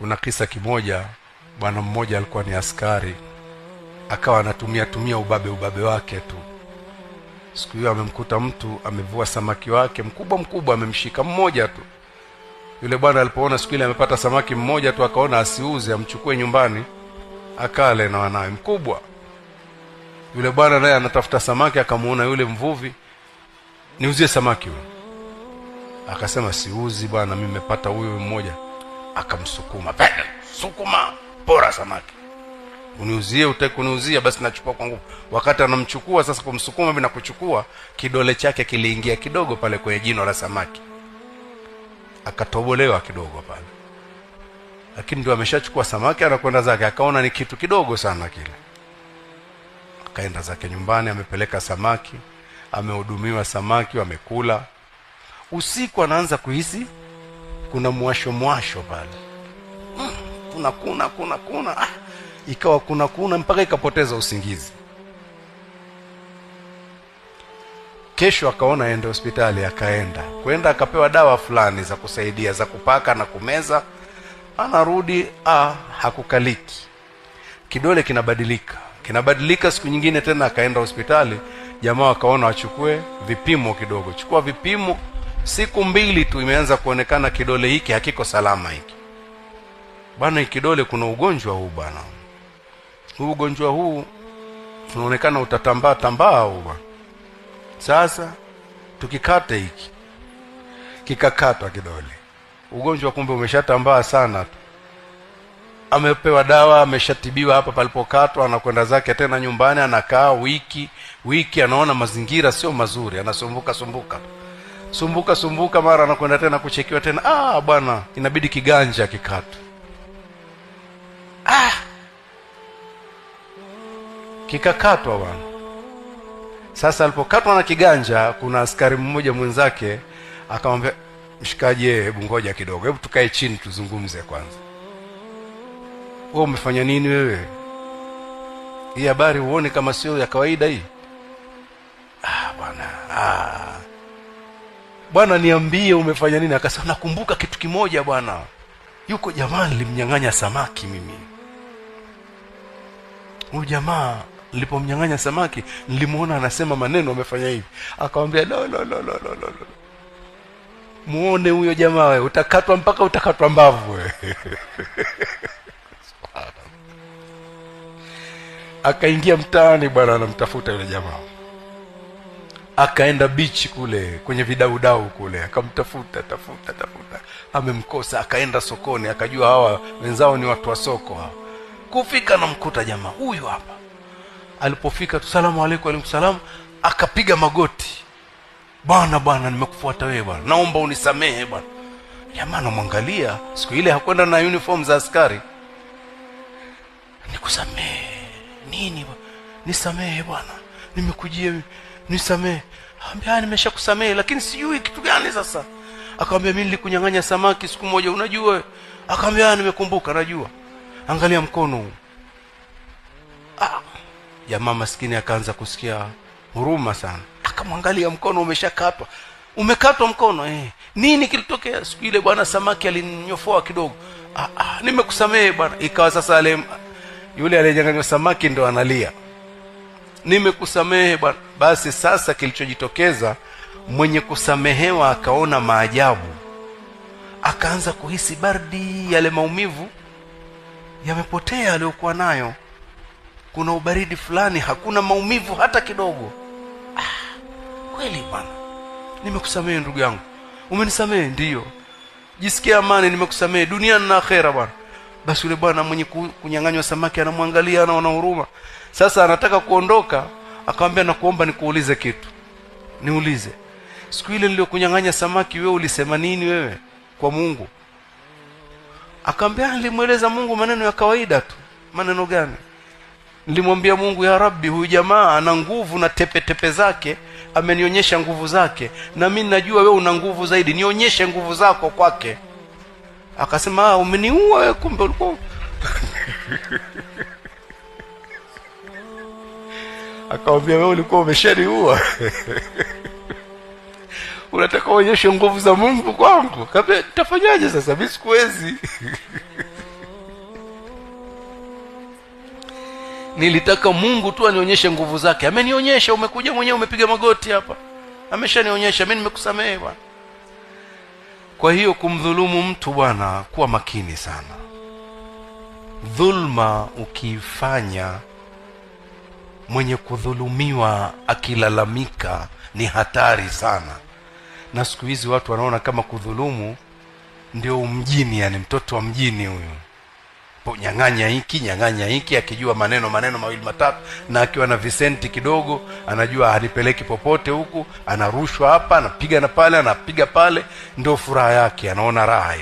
Kuna kisa kimoja, bwana mmoja alikuwa ni askari, akawa anatumia tumia ubabe ubabe wake tu. Siku hiyo amemkuta mtu amevua samaki wake mkubwa mkubwa, amemshika mmoja tu. Yule bwana alipoona siku ile amepata samaki mmoja tu, akaona asiuze, amchukue nyumbani akale na wanawe, mkubwa yule bwana naye anatafuta samaki, akamuona yule mvuvi, niuzie samaki huyo. Akasema siuzi bwana, mimi nimepata huyu mmoja akamsukuma pedal sukuma pora samaki uniuzie utaki kuniuzia basi nachukua kwa nguvu wakati anamchukua sasa kumsukuma hivi nakuchukua kuchukua kidole chake kiliingia kidogo pale kwenye jino la samaki akatobolewa kidogo pale lakini ndio ameshachukua samaki anakwenda zake akaona ni kitu kidogo sana kile akaenda zake nyumbani amepeleka samaki amehudumiwa samaki wamekula usiku anaanza kuhisi kuna mwasho mwasho pale hmm, kuna kuna kuna kuna ah, ikawa kuna kuna mpaka ikapoteza usingizi kesho akaona aende hospitali akaenda kwenda akapewa dawa fulani za kusaidia za kupaka na kumeza anarudi ah, hakukaliki kidole kinabadilika kinabadilika siku nyingine tena akaenda hospitali jamaa wakaona wachukue vipimo kidogo chukua vipimo siku mbili tu imeanza kuonekana kidole hiki hakiko salama hiki bwana kidole kuna ugonjwa huu bwana huu ugonjwa huu unaonekana utatambaa tambaa huu bwana sasa tukikate hiki kikakatwa kidole ugonjwa kumbe umeshatambaa sana tu amepewa dawa ameshatibiwa hapa palipokatwa anakwenda zake tena nyumbani anakaa wiki wiki anaona mazingira sio mazuri anasumbuka sumbuka sumbuka sumbuka mara anakwenda tena kuchekiwa tena ah bwana inabidi kiganja kikata ah kikakatwa bwana sasa alipokatwa na kiganja kuna askari mmoja mwenzake akamwambia mshikaji eh, hebu ngoja kidogo hebu tukae chini tuzungumze kwanza wewe umefanya nini wewe hii habari huoni kama sio ya kawaida hii bwana niambie umefanya nini akasema nakumbuka kitu kimoja bwana yuko jamaa nilimnyang'anya samaki mimi huyu jamaa nilipomnyang'anya samaki nilimuona anasema maneno amefanya hivi akawambia no, no, no, no, no, no. muone huyo jamaa we utakatwa mpaka utakatwa mbavu akaingia mtaani bwana anamtafuta yule jamaa akaenda bichi kule kwenye vidaudau kule akamtafuta tafuta tafuta amemkosa akaenda sokoni akajua hawa wenzao ni watu wa soko hawa kufika namkuta jamaa huyu hapa alipofika tu salamu alaikum alaikum akapiga magoti bwana bwana nimekufuata wewe bwana naomba unisamehe bwana jamaa anamwangalia siku ile hakwenda na uniform za askari nikusamehe nini bwana nisamehe bwana nimekujia nisamee ambia ah, nimesha lakini sijui kitu gani sasa akamwambia mimi nilikunyang'anya samaki siku moja unajua akamwambia ah, nimekumbuka najua angalia mkono ah jamaa maskini akaanza kusikia huruma sana akamwangalia mkono umeshakatwa umekatwa mkono eh nini kilitokea siku ile bwana samaki alinyofoa kidogo ah, ah nimekusamee bwana ikawa sasa ale yule aliyenyang'anywa samaki ndo analia nimekusamehe bwana basi sasa kilichojitokeza mwenye kusamehewa akaona maajabu akaanza kuhisi bardi yale maumivu yamepotea aliyokuwa nayo kuna ubaridi fulani hakuna maumivu hata kidogo ah, kweli bwana nimekusamehe ndugu yangu umenisamehe ndiyo jisikia amani nimekusamehe duniani na akhera bwana basi yule bwana mwenye kunyang'anywa samaki anamwangalia anaona huruma sasa anataka kuondoka akamwambia nakuomba nikuulize kitu niulize siku ile niliyokunyang'anya samaki wewe ulisema nini wewe kwa mungu akaambia nilimweleza mungu maneno ya kawaida tu maneno gani nilimwambia mungu ya rabbi huyu jamaa ana nguvu na tepetepe tepe zake amenionyesha nguvu zake na mi najua wewe una nguvu zaidi nionyeshe nguvu zako kwake akasema ah, umeniua kumbe ulikuwa akawambia wewe ulikuwa umeshaniua unataka uonyeshe nguvu za mungu kwangu kaambia tafanyaje sasa mi sikuwezi nilitaka mungu tu anionyeshe nguvu zake amenionyesha umekuja mwenyewe umepiga magoti hapa ameshanionyesha mi nimekusamehe bwana kwa hiyo kumdhulumu mtu bwana kuwa makini sana dhulma ukiifanya mwenye kudhulumiwa akilalamika ni hatari sana na siku hizi watu wanaona kama kudhulumu ndio mjini yani mtoto wa mjini huyu nyang'anya hiki nyang'anya hiki, akijua maneno maneno mawili matatu, na akiwa na visenti kidogo, anajua anipeleki popote huku, anarushwa hapa, anapiga na pale, anapiga pale, ndio furaha yake, anaona raha.